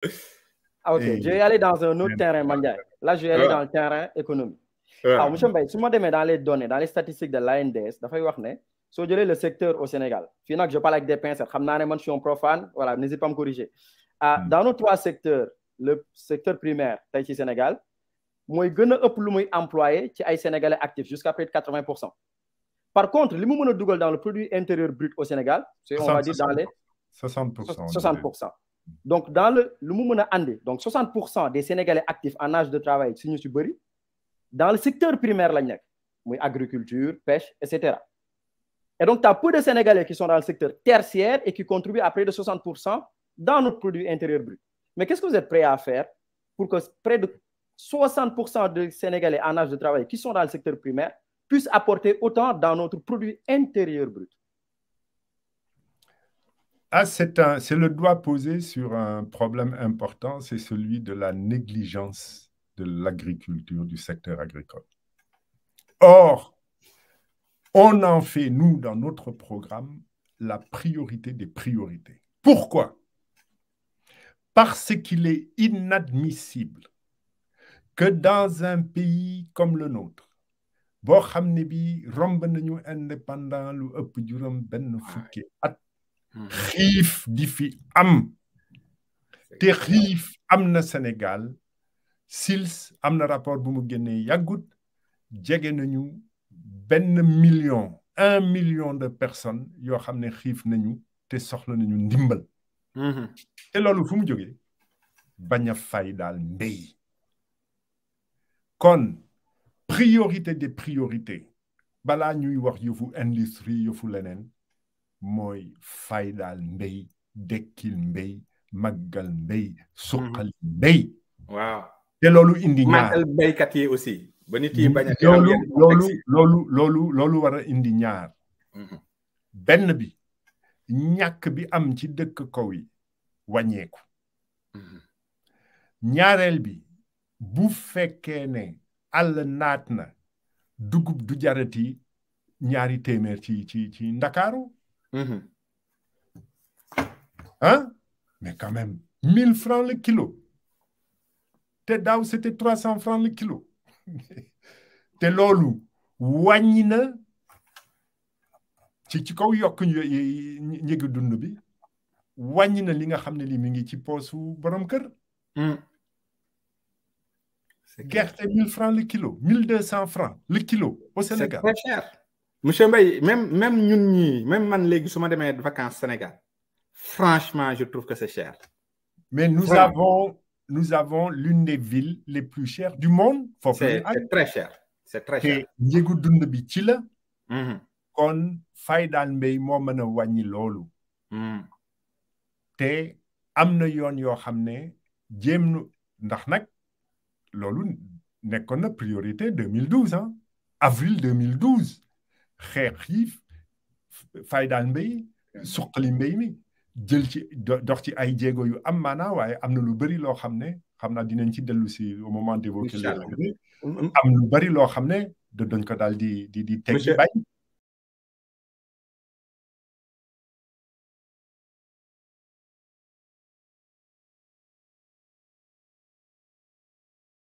Ah, ok, je vais aller dans un autre terrain Là, je vais aller dans le terrain économique. Ah. Alors, monsieur Mbaye, si je me dans les données, dans les statistiques de l'ANDS, si je le secteur au Sénégal, finalement, je parle avec des pincettes, je suis un profane, voilà, n'hésite pas à me corriger. Ah, hmm. dans nos trois secteurs, le secteur primaire, tahiti Sénégal, Il y a plus lu Qui employé ci ay sénégalais actifs jusqu'à près de 80% par contre le mu de Google dans le produit intérieur brut au Sénégal c'est on va dire dans les 60 60 donc dans le monde, Andé, 60 des sénégalais actifs en âge de travail dans le secteur primaire agriculture pêche etc. et donc tu as peu de sénégalais qui sont dans le secteur tertiaire et qui contribuent à près de 60 dans notre produit intérieur brut mais qu'est-ce que vous êtes prêt à faire pour que près de 60 des sénégalais en âge de travail qui sont dans le secteur primaire puissent apporter autant dans notre produit intérieur brut ah, c'est le doigt posé sur un problème important, c'est celui de la négligence de l'agriculture, du secteur agricole. Or, on en fait, nous, dans notre programme, la priorité des priorités. Pourquoi Parce qu'il est inadmissible que dans un pays comme le nôtre, xiif mhm. di fi am te xiif am Sénégal sils am na rapport bu mu génnee yàggut jege nañu benn million un million de personnes yoo xam ne xiif nañu te soxla nañu ndimbal mhm. te loolu fu mu jógee bañ a fay daal mbéy kon priorité des priorités balaa ñuy wax yëfu industrie yëfu leneen mooy faydaal mbéy dekkil mbéy màggal mbéy suqal mhm. mbéy te loolu indi ñaar màggal béykat yi aussi ba nit yi mm-hmm. bañ loolu loolu loolu loolu loolu war indi ñaar mm-hmm. benn bi ñàkk bi am ci dëkk kaw yi wàññeeku mm-hmm. ñaareel bi bu fekkee ne àll naat na dugub du jarati ñaari téeméer ci ci ndakaaru Mmh. Hein? Mais quand même, 1000 francs le kilo. Tes daw, c'était 300 francs le kilo. Te loolu wàññi na ci ci kaw yokk njëgi dund bi li nga xam li mi ngi ci borom kër. 1000 mhm. francs le kilo 1200 francs le kilo au Sénégal. C'est cher monsieur Mbaye même même ñun même man léegi su ma demee vacances Sénégal franchement je trouve que c'est cher. mais nous avons nous avons l'une des villes les plus chères du monde. foofu la c'est très cher c'est très cher. te njëgu dund bi ci la. Mhm. kon faydal mbay moo mën a wàññi loolu. Mhm. te am na yoon yoo xam nu ndax nak loolu nekkoon na priorité 2012 hein avril 2012. xeex faydal mbay suqali mbay mi jël ci dox ci ay jéego yu am maana waaye am na lu bari loo xam ne xam naa dinañ ci dellu si au moment d'évoquer am lu bari loo xam ne dañ ko daal di di di teg bay